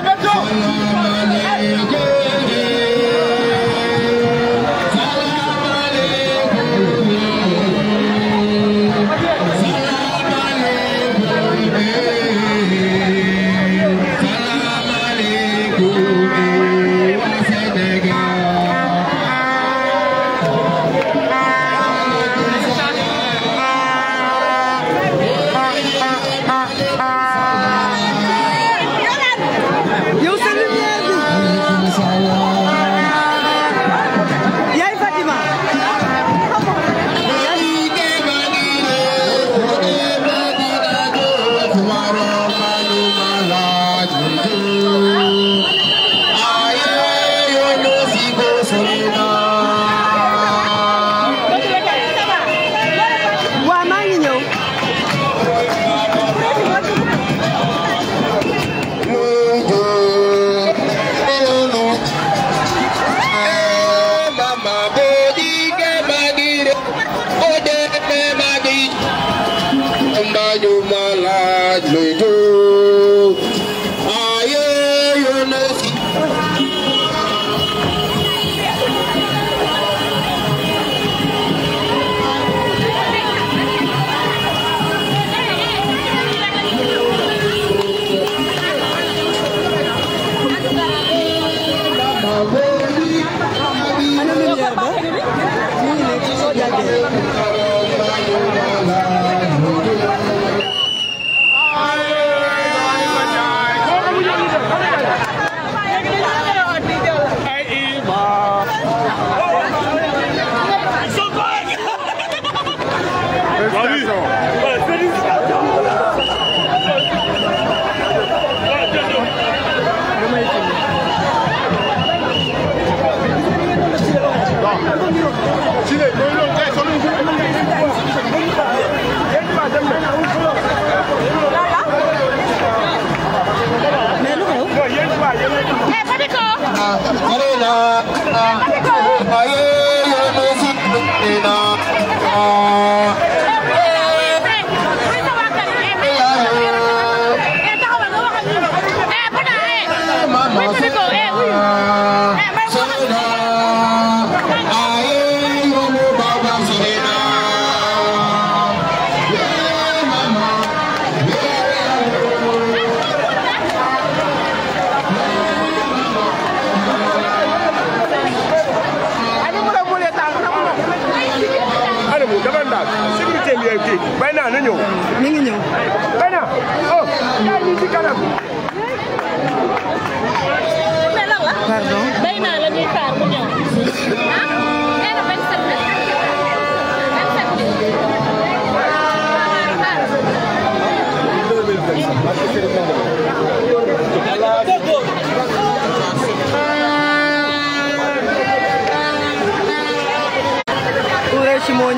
America!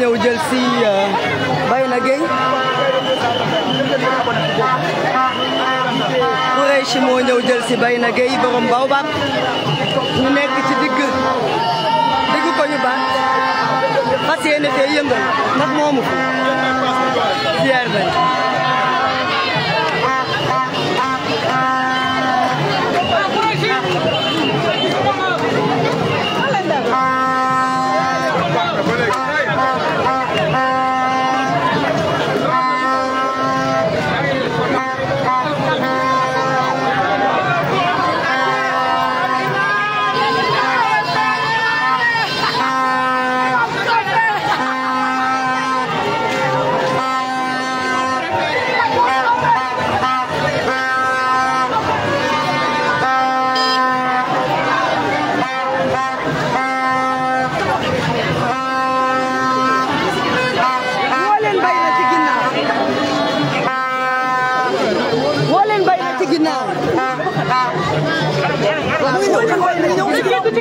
ñëw jël si euh, Bayna Gueye Koureychi moo ñëw jël si Bayna Gueye borom Baobab ñu nekk ci digg diggu ko ñu baat fas yéene fee yëngal ndax moomu ko fier nañ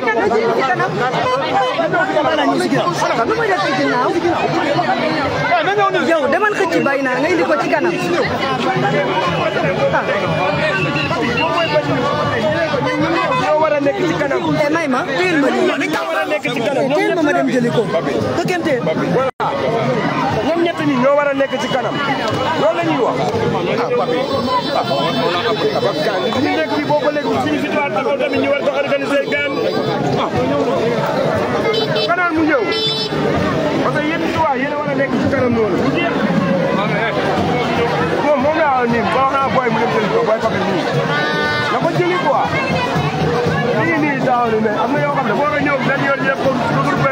ci kanam jëm ci kanam lu muy def na ginnaaw yow demal xëcc bay naa nga indi ko ci kanam nekk ci kanam te may ma teel ma teel ma ma dem jëli ko dëkkante voilà ñoom ñett ñi ñoo war nekk ci kanam loolu la ñuy wax ah noonu. moom moom laa wax nii ba wax naa booy mu dem jëli ko booy Fapal nii. na ko jëli quoi. lii nii daaw ni mais boo ko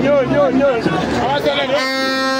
nho, nho, nho.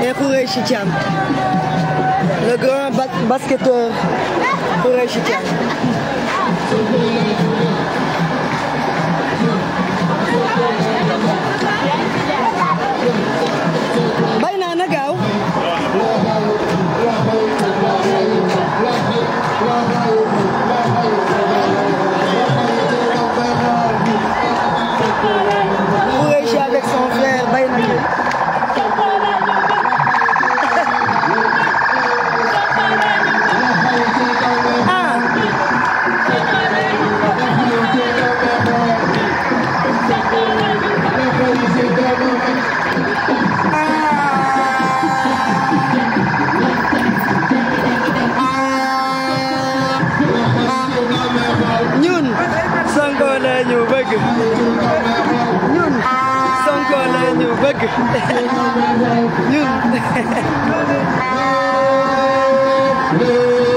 mais Khoureychi Thiam le grand basketteur bëgg ñun Sonko la ñu bëgg ñun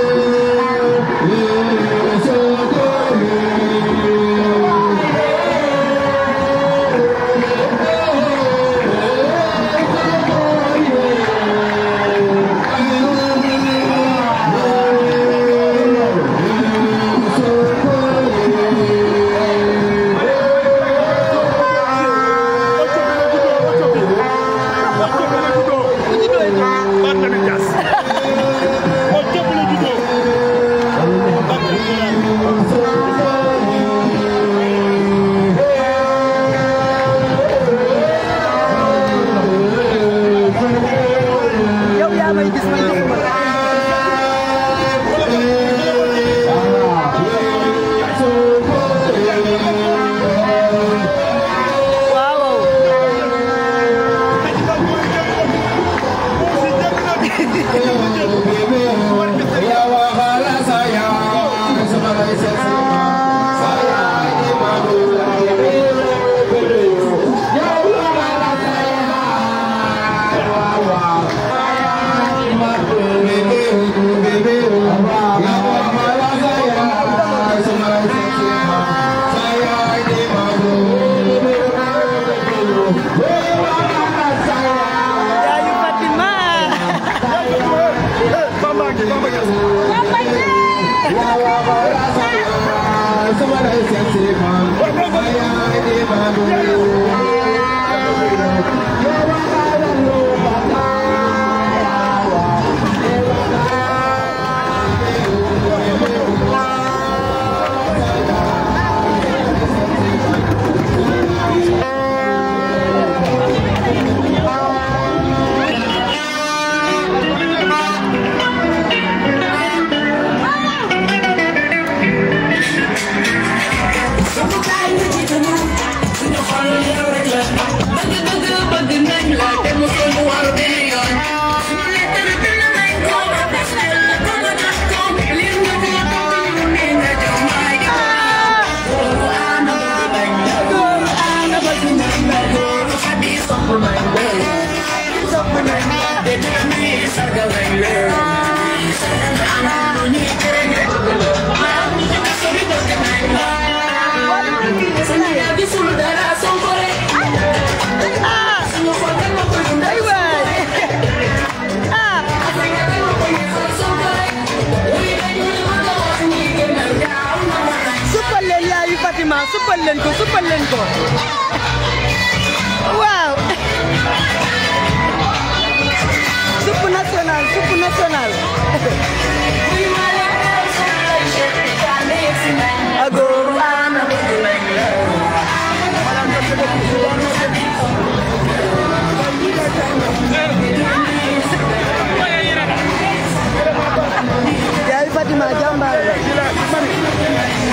suppal leen ko suppal ko national super national Fatima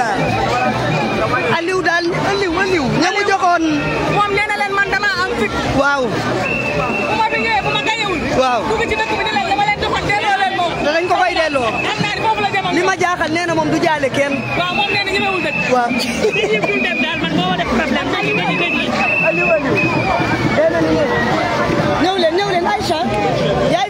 alhamdulilah Aliou daal Aliou Aliou ña joxoon. waaw. waaw dugg ci ko koy delloo. am li ma jaaxal nee na du jaale kenn. waaw moom nee na ñemewul dëkk. waaw. li leen ñëw leen Aïcha yaay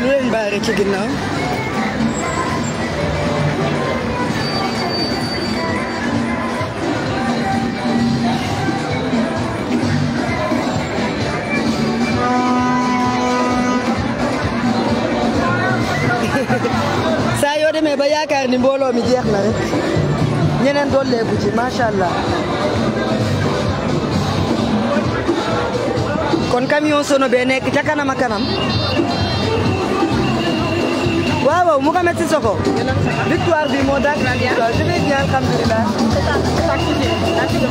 Biliyorum belki genau. saa yoo demee ba yaakaar ni mbooloo mi jeex na rek ñeneen dolleeku ci macha allah kon camion sono bee nekk ca kanam a kanam Wow, mau Mouhamed Sissoko victoire bi moo daal victoire Jadi vais bien alhamdulilah taksi. va tu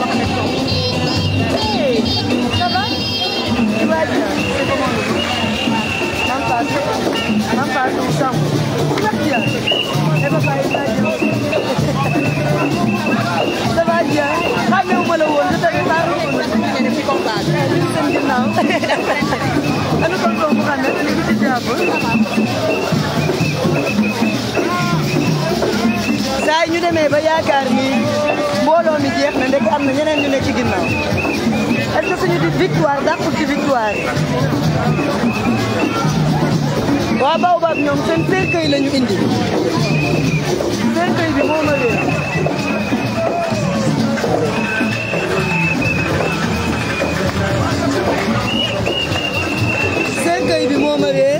vas bien c'est comment n'en passe n'en passe ensemble bien et papa il va bien ça va apa xamewuma la woon je t'avais pas reconnu depuis combat bi seen ginnaaw ana tonton Mouhamed ñu ngi ci jàpp saa ñu demee ba yaakaar ni mbooloo mi jeex na ndek am na ñeneen ñu ne ci ginnaaw est suñu di victoire dàqul ci victoire yi waa Baobab ñoom seen cercueil la indi cercueil bi moo ma réer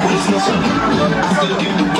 What is this?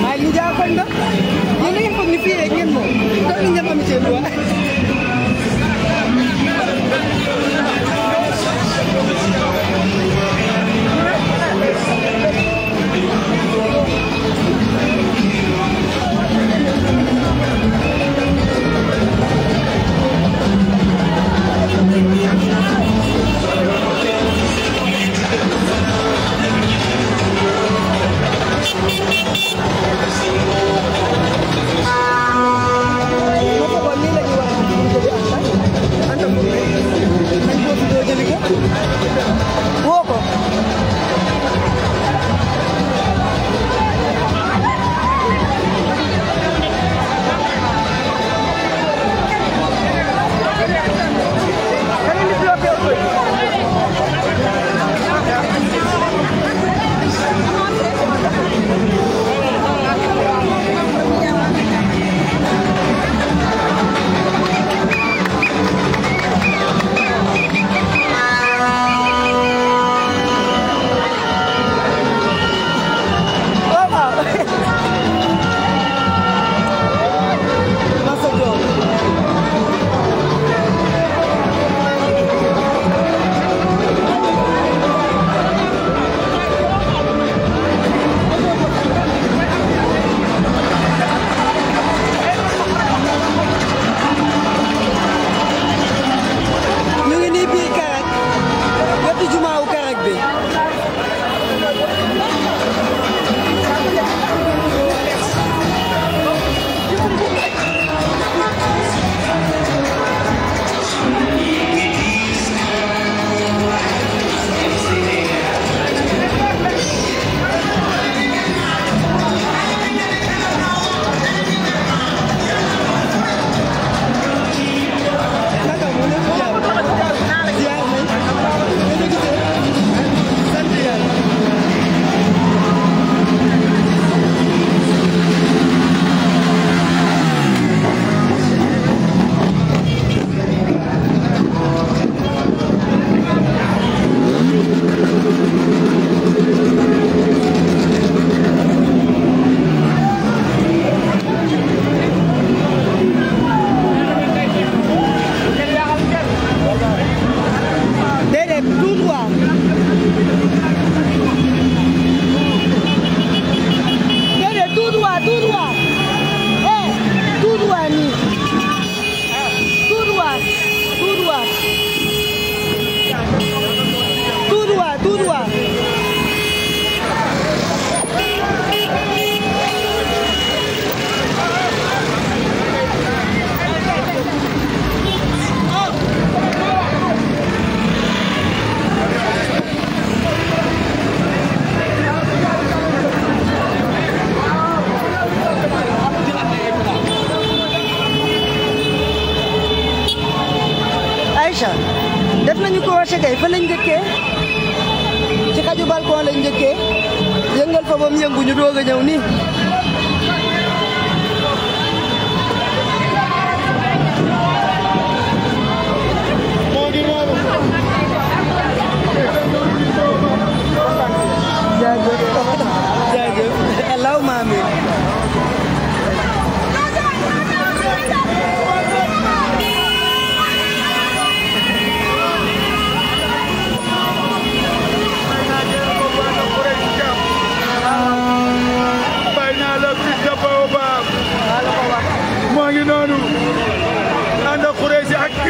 Mali niya apa ini? Ini na yung pag nipiegin mo. Dami niya kami siya Thank you.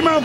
imam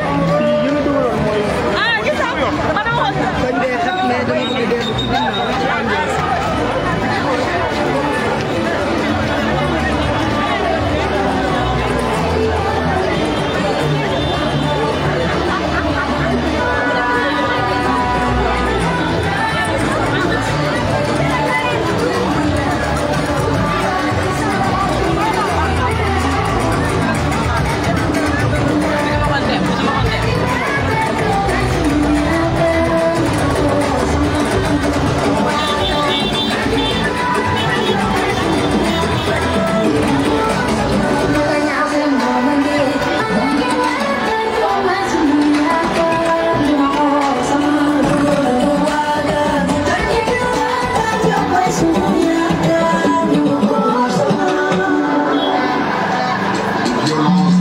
Your loss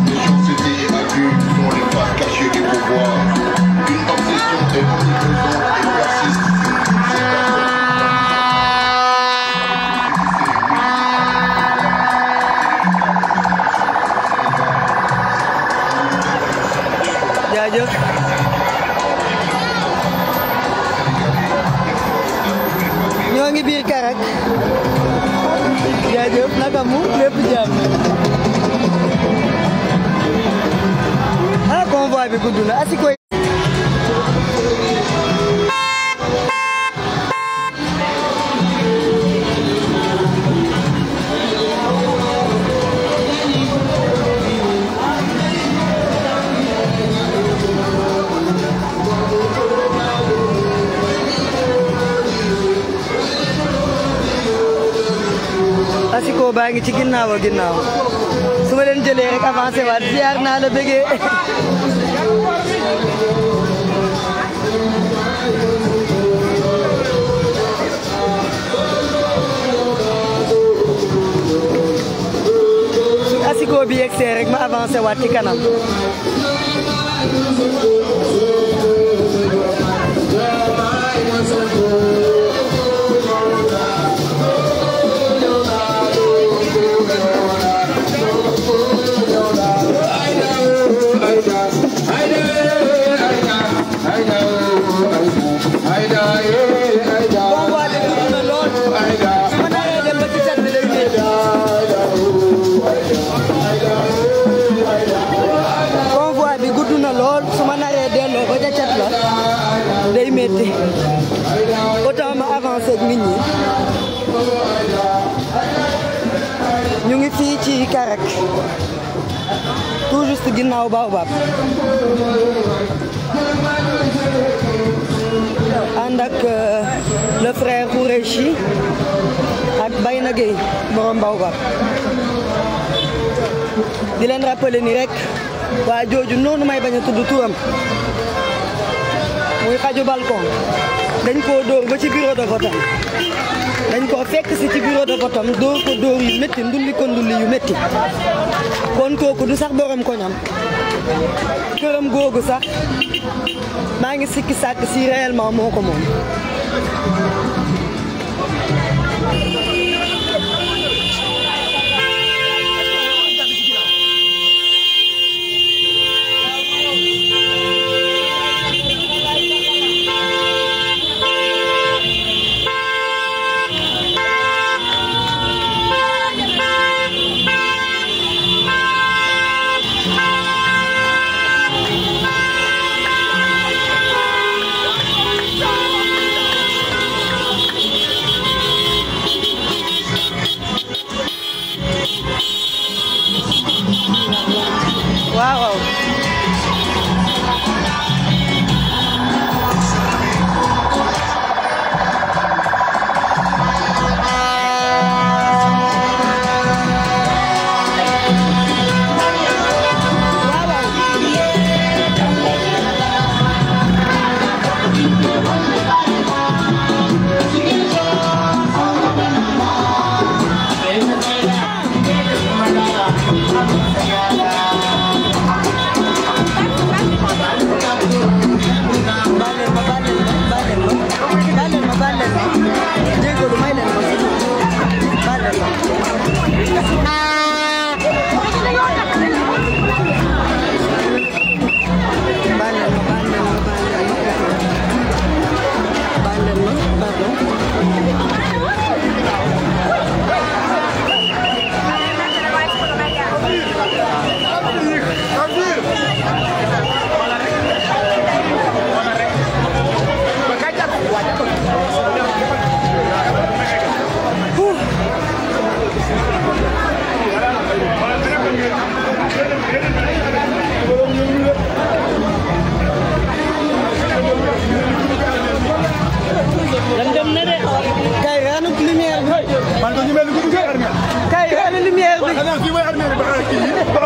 पाएंगे chicken ना हो गिनना हो सुबह दिन चलेगा वहाँ से वर्ष यार ना लगे ऐसी कोई भी एक एक में वहाँ से वाटिका ना gannaaw baobab ànd ak euh, le frère Khourechi ak Bayna Gueye ba baobab di leen rappeler ni rek waa jooju noonu may bañ a tudd turam muy xaju balcon dañ ba ci bureau de vote dañ koo fekk si ci bureau de vote am dóor ko dóor yu métti ndulli ko ndulli yu métti kon kooku du sax borom koñam këram googu sax maa ngi sikki sàkk si réellement moo ko moom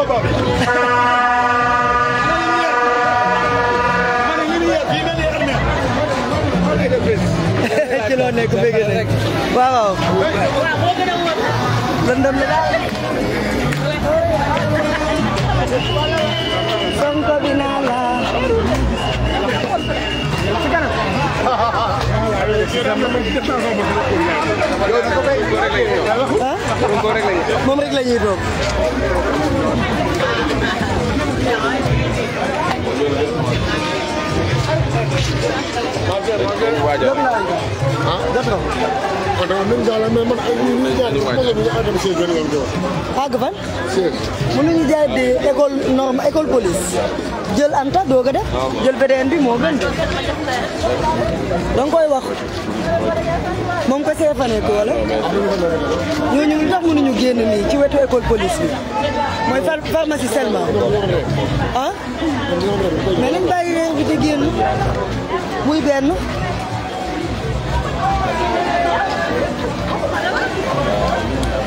combat bi. ci loo nekk bëgg rek waaw waaw. moom rek la ñuy toog. ah. àgg fan. mënuñu jaay de école norme école police. jël Anta do ga def jël bdn bi mo gën dang koy wax mom ko seefa ko wala ñooñu ñu tax mënu ñu génn ni ci wétu école police bi mooy pharmacie seulement ah mais nañ bàyyi weer bi di génn muy benn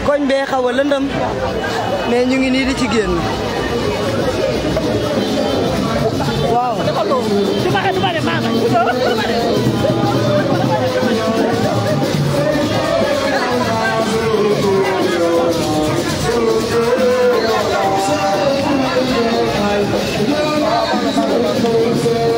koñ bee xawa a mais ñu ngi ni di ci génn t o Cuma kan c Thank you.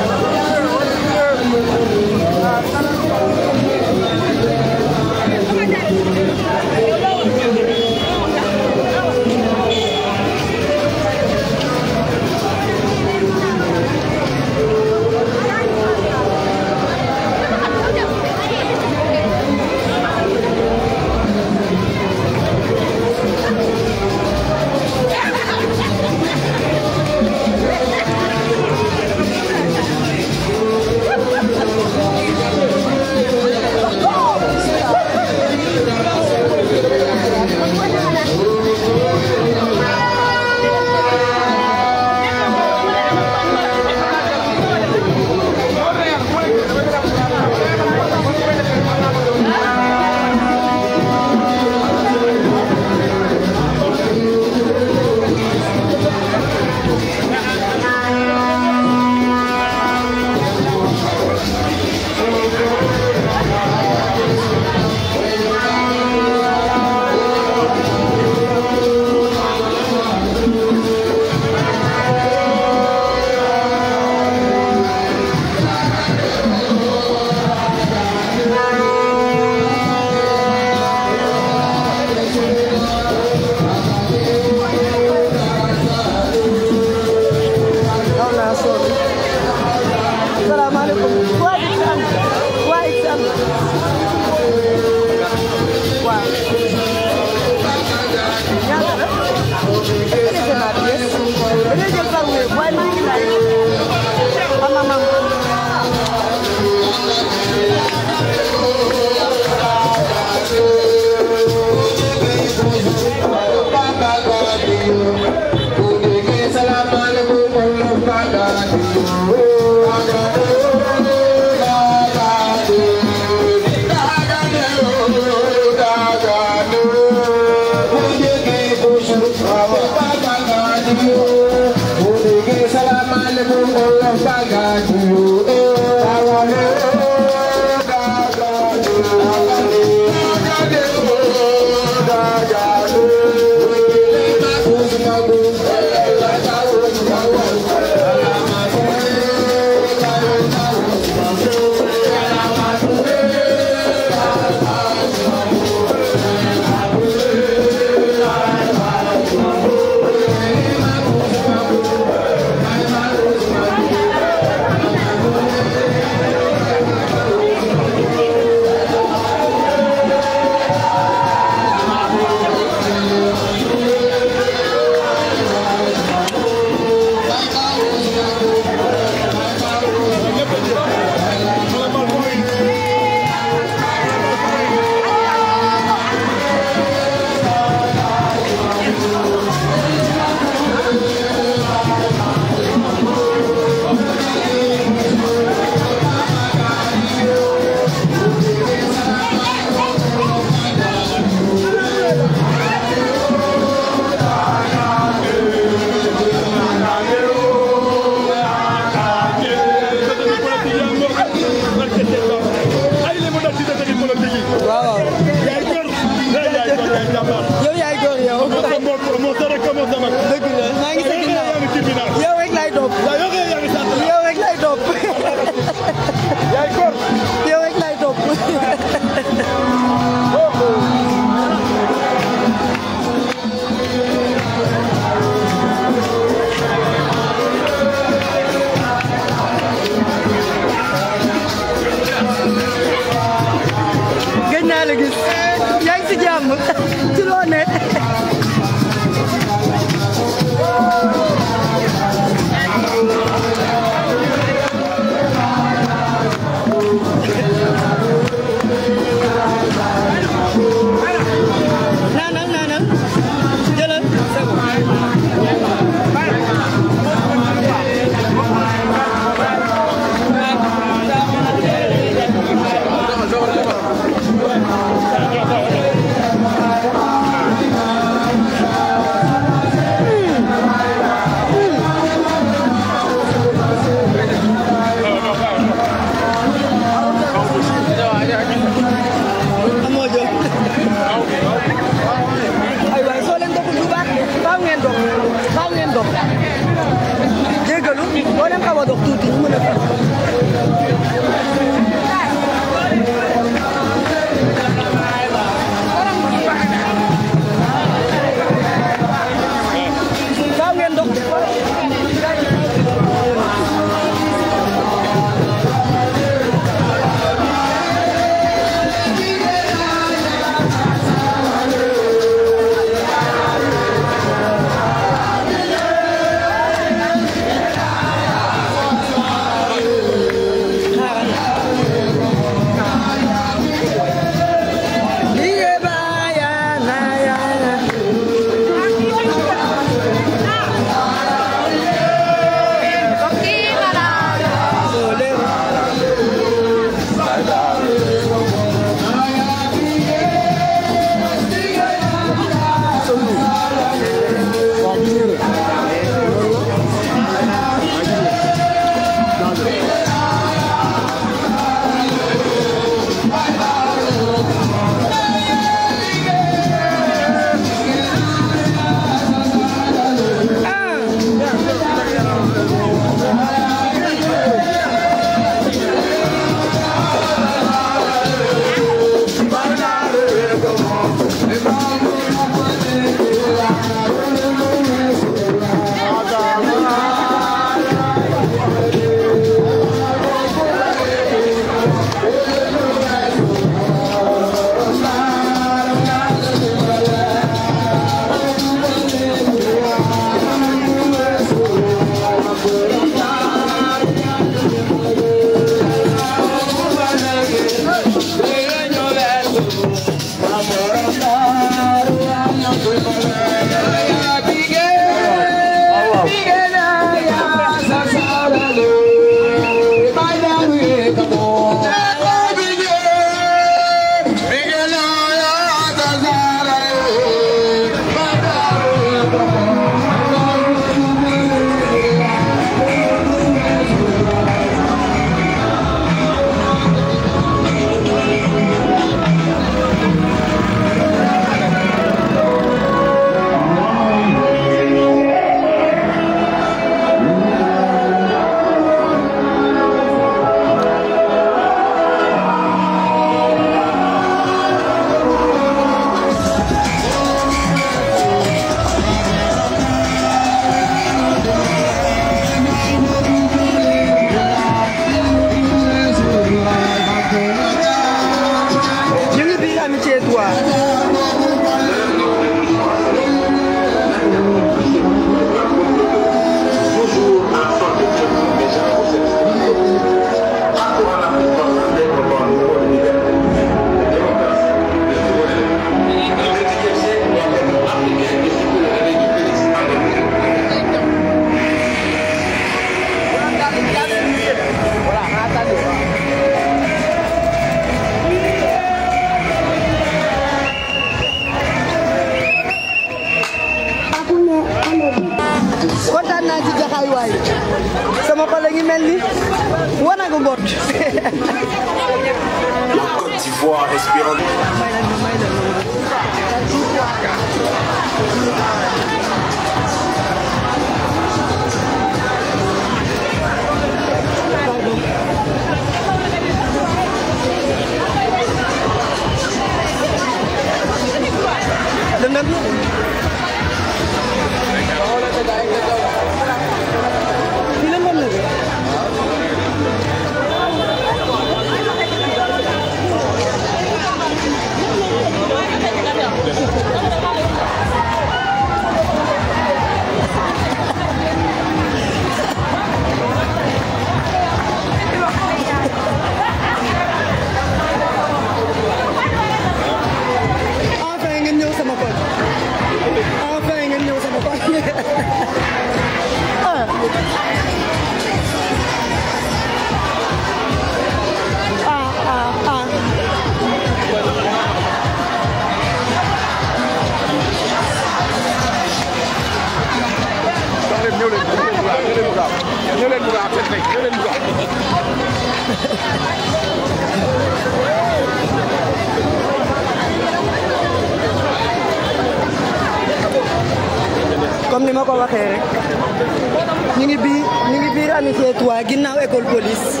avec école police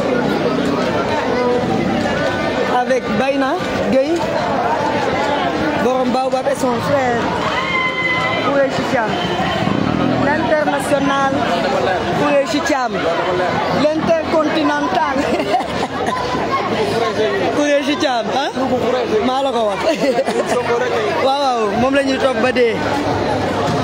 avec Baina gay borom son frère Chicham l'international Chicham l'intercontinental l'international Chicham mon ko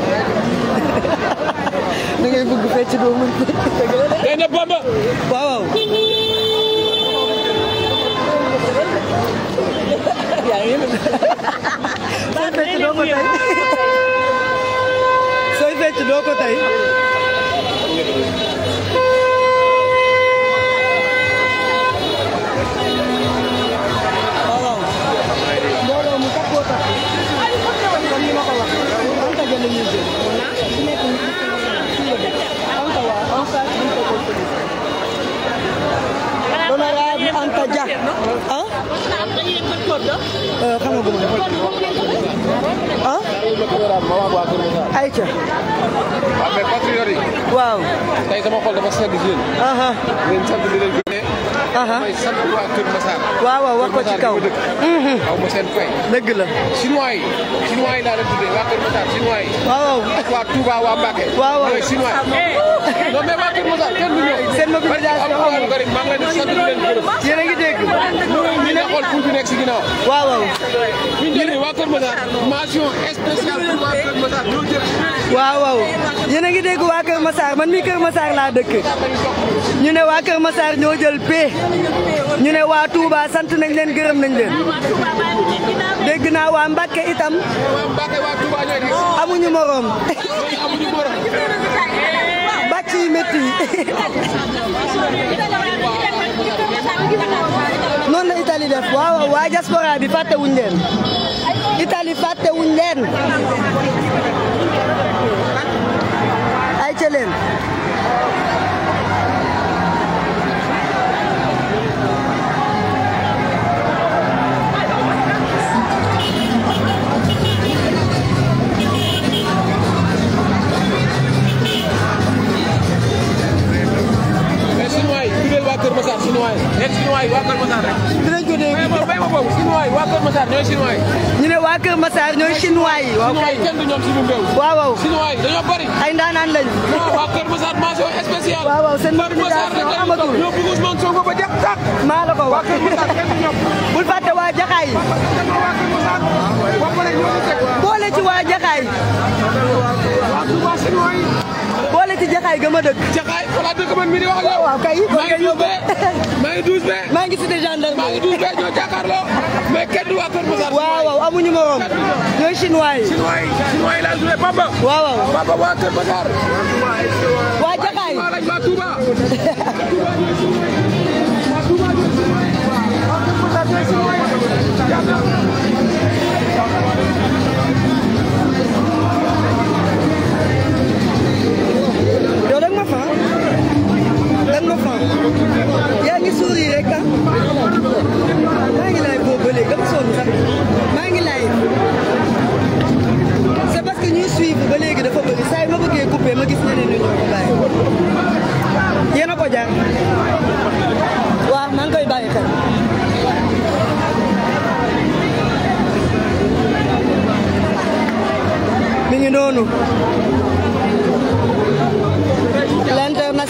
da ngay bëgg fecc doo mën day na bamba waaw yaa ngi sooy fecc doo ko tey sooy fecc doo ko tey Anta Dia ah. xamaguma ah. ayca. waaw mais patriote yi. waaw. tey sama xol dafa sedd si yéen. ngeen sant di leen gërëm. mooy sant waa Kër Massar. waaw waaw wax ko ci kaw. Mhm. aw ma seen fay. dëgg la. chinois yi. chinois yi laa leen tuddee waa Kër Massar chinois yi. waaw waaw. waa Touba waa Mbacké. waaw waaw mooy chinois. non mais waa Kër Masar kenn du ñëw. seen mobilisation amul bari maa ngi leen di sant di leen gërëm. yéen a ngi dégg. ñu ne xool pour bi nekk si ginnaaw. waaw waaw. ñu jëlee waa Kër Masar. mention spéciale pour waa Kër Masar ñoo jël. waaw waaw yéen a ngi dégg waa Kër Masar man mii Kër Masar laa dëkk. ñu ne waa Kër Masar ñoo jël paie. ñu ne waa Touba sant nañ leen gërëm nañ leen. dégg naa waa Mbacke itam. amuñu morom. amuñu morom. métti yi noonu la Italie def waaw waa waa Kër Massar chinois yi nekk chinois yi waa Kër Massar rek. dinañ ko dégg mais may ma boobu chinois yi waa Kër Massar ñooy chinois yi. ñu ne waa Kër Massar ñooy chinois yi. waaw kay kenn du ñoom suñu réew. waaw waaw chinois yi dañoo bari. ay ndaanaan lañu. waaw waa Kër Massar mention spéciale. waaw waaw seen mobilisation amatul ñoo bëgg Ousmane Sonko ba jàpp sax. maa la ko wax waa Kër Massar kenn du ñoom. bul fàtte waa Jaxaay. boole ci waa Jaxaay. waa Touba chinois yi. ci jaxaay ga ma dëkk. jaxaay wala waaw kay maa ngi douze maa ngi cité gendarme maa ngi douze bee ñoo jàkkaarloo mais waa Kër Masar waaw waa Kër ma fan yaa ngi suuri rek ah maa ngi laay boobu ba léegi dama sax maa ngi laay c'est parce que ñuy suivre ba léegi dafa bëri saa yi ma bëggee coupé ma gis ñeneen ñu ñoo ko bàyyi yéen o ko jaar waaw maa koy bàyyi xel mi ngi noonu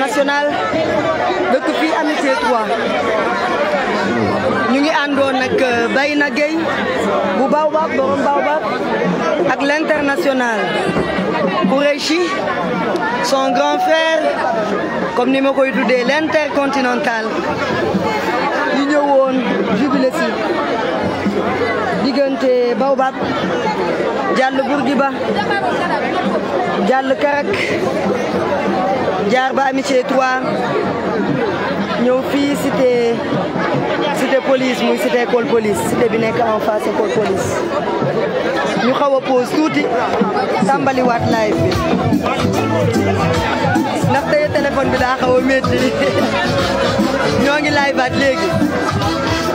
marché national dëkk fii Amitié 3 ñu ngi àndoon nag euh, Bayna Gueye bu Baobab borom Baobab ak l'international Koureichi son grand frère comme ni ma koy tuddee l'intercontinental yi ñëwoon jubilé si diggante Baobab jàll Bourguiba jàll Karak jaar ba amitié toi. ñëw fii cité cité police muy cité école police cité bi nekk en face école police ñu avons a pause tuuti wat live bi ndax téléphone bi da xaw metti. Ñongi live baat légui.